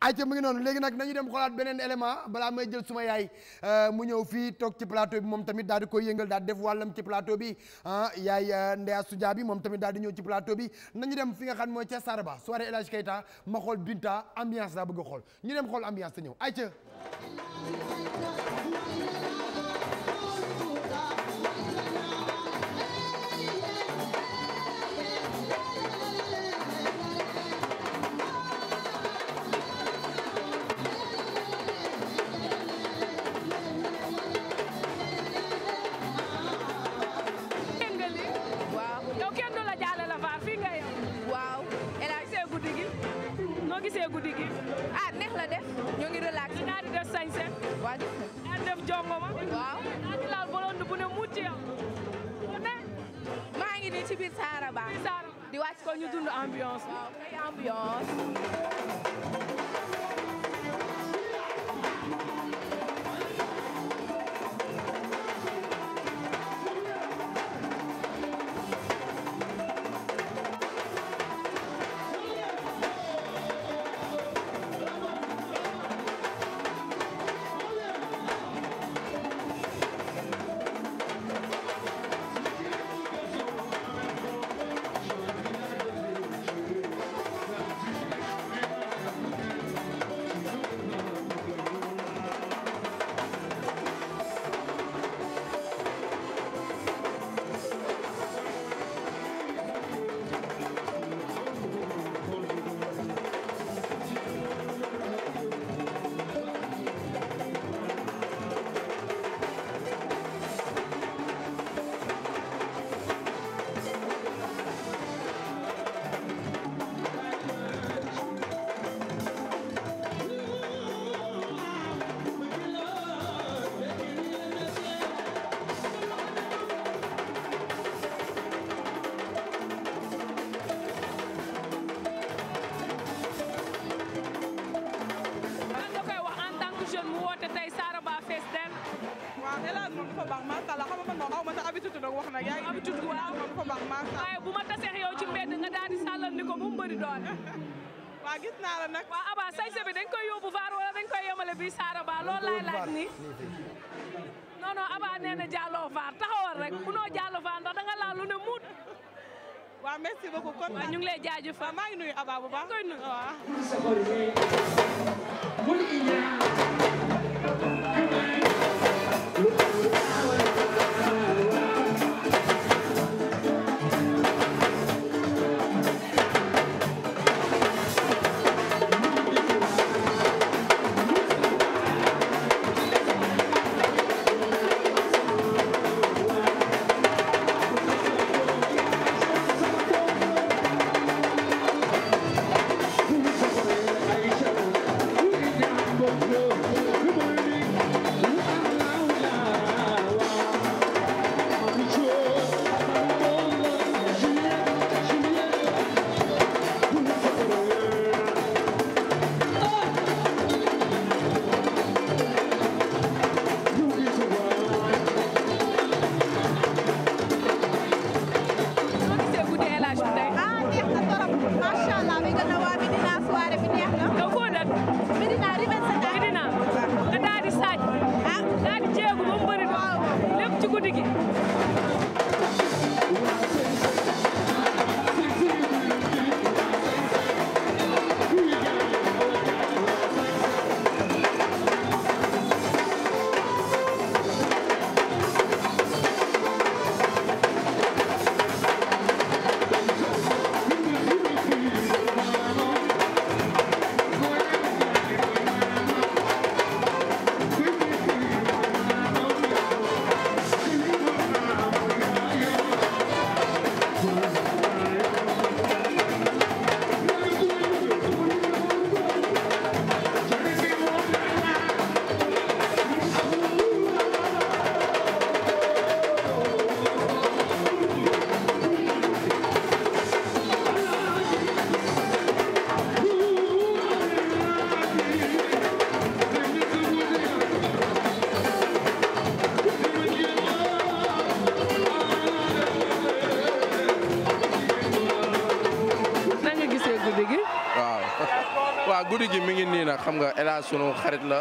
ayca mu ngi noonu léegi nag nañu dem xoolaat beneen élément balaa may jël suma yaay euh, mu ñëw fii toog ci plateau bi moom tamit daal di koy yëngal daal def wàllam ci plateau bi ah yaay euh, Ndeya Soudia bi moom tamit daal di ñëw ci plateau bi nañu dem fi nga xam mooy ca Saraba soirée El Hadj Keita ma xool Binta ambiance daa bëgg a xool ñu dem xool ambiance te ñëw ayca noo gisee guddi gi. ah la def ñu ngi relax. dinaa di def sañse. waaw def naa def jongoma. waaw naa di maa ngi nii ci biir Saara Ba. di wàcc ko ñu dund ambiance bi. waaw baax macha allah xam nga man moom aw ma sax habitude nag wax nag. yaa ngi habitude waaw dafa baax macha bu ma tasee yow ci mbedd nga daal di ni ko mu bëri doole. waa gis naa la nag. waaw Aba sañse bi dañ koy yóbbu vaar wala dañ koy yemale bi Saara Ba loolu laay laaj ni non Aba nee na jàlloo vaar taxawal rek munoo jàlloo vaar ndax danga laal ne muut. waaw merci beaucoup kon ñu ngi lay jaajëfal guddi gi mi ngi nii xam nga Elaj sunu xarit la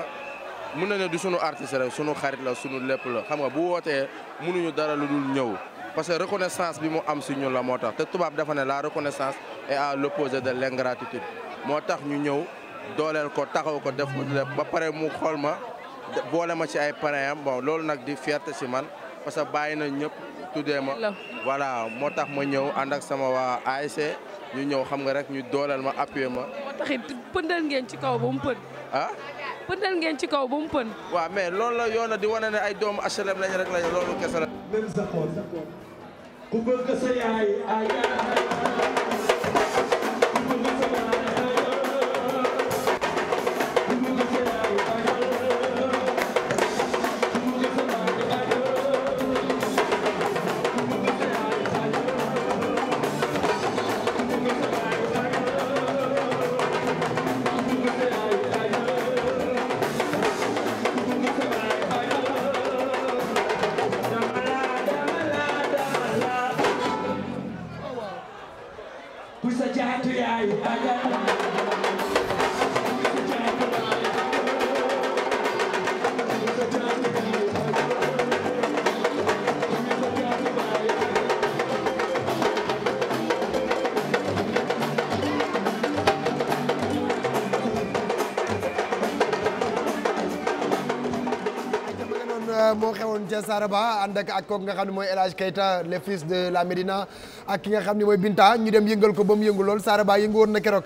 mun na ne du sunu artiste rek sunu xarit la sunu lépp la xam nga bu wootee mënuñu dara lu dul ñëw parce que reconnaissance bi mu am si ñun la moo tax te tubaab dafa ne la reconnaissance est à l'opposé de l'ingratitude moo tax ñu ñëw dooleel ko taxaw ko def ba pare mu xool ma boole ma si ay parrain am bon loolu nag di fierté si man parce que bàyyi na ñëpp tuddee ma voilà moo tax ma ñëw ànd sama waa ASC e. ñu ñëw xam nga rek ñu doolal ma appuyer ma. moo ngeen ci kaw ba mu pën. ah. pëndal ngeen ci kaw ba mu pën. waa mais loolu la yoon di wane ne ay doomu HLM lañ rek lañ loolu kese la. même Sakko ku bëgg ay moo xewoon ca Saraba ànd ak ak kooku nga xam ne mooy El Hadj Keita le fils de la Médina ak ki nga xam ne mooy Binta ñu dem yëngal ko ba mu yëngu lool Saraba yëngu woon na keroog.